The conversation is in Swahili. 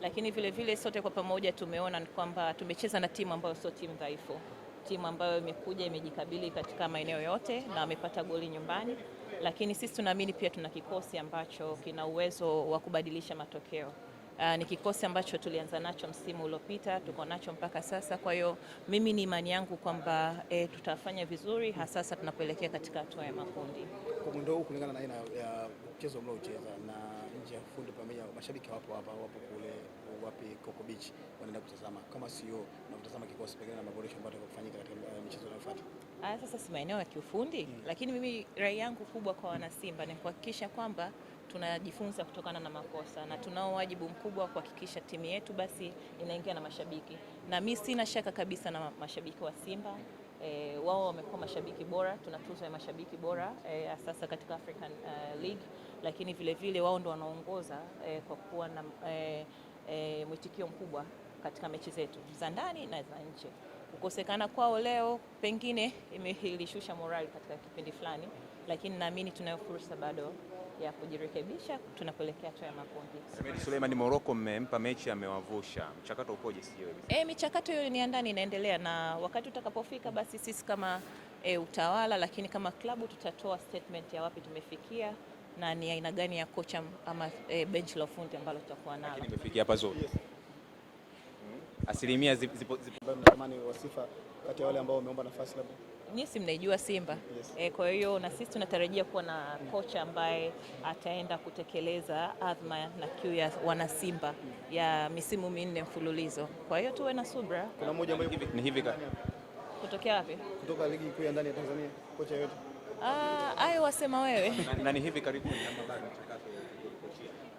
lakini vile vile sote kwa pamoja tumeona kwamba tumecheza na timu ambayo sio timu dhaifu, timu ambayo imekuja imejikabili katika maeneo yote na amepata goli nyumbani, lakini sisi tunaamini pia tuna kikosi ambacho kina uwezo wa kubadilisha matokeo. Uh, ni kikosi ambacho tulianza nacho msimu uliopita tuko nacho mpaka sasa. Kwa hiyo mimi ni imani yangu kwamba e, tutafanya vizuri hasa tunapoelekea katika hatua ya makundi. Kwa mwendo huu kulingana na aina ya mchezo mliocheza na mashabiki wapo hapa, wapo kule, wapi Coco Beach, wanaenda kutazama kama sio na kutazama kikosi pengine na maboresho ambayo yatakufanyika katika eh, michezo inayofuata. Ah, sasa si maeneo ya kiufundi hmm, lakini mimi rai yangu kubwa kwa wanasimba ni kuhakikisha kwamba tunajifunza kutokana na makosa na tunao wajibu mkubwa wa kuhakikisha timu yetu basi inaingia na mashabiki, na mi sina shaka kabisa na mashabiki wa Simba E, wao wamekuwa mashabiki bora, tuna tuzo ya mashabiki bora e, sasa katika African uh, League, lakini vilevile wao ndo wanaongoza e, kwa kuwa na e, e, mwitikio mkubwa katika mechi zetu za ndani na za nje. Kukosekana kwao leo pengine ilishusha morali katika kipindi fulani, lakini naamini tunayo fursa bado ya kujirekebisha tunapoelekea hatua ya makundi. Suleiman Morocco, mmempa mechi amewavusha, mchakato ukoje? E, eh, michakato hiyo ni ndani inaendelea, na wakati utakapofika basi sisi kama e, utawala lakini kama klabu tutatoa statement ya wapi tumefikia na ni aina gani ya kocha ama e, benchi la ufundi ambalo tutakuwa nalo. Nimefikia hapa Yes asilimia zipo, zipo, zipo. Kati ya wale ambao wameomba nafasi labda nyinyi mnaijua Simba yes. E, kwa hiyo na sisi tunatarajia kuwa na kocha ambaye ataenda kutekeleza adhma na kiu ya wana Simba ya misimu minne mfululizo. Kwa hiyo tuwe na subra. Kuna mmoja ambaye ni hivi kutokea wapi? Kutoka ligi kuu ya ndani ya Tanzania kocha yote. Ah, ayo wasema wewe. Na ni hivi karibuni mchakato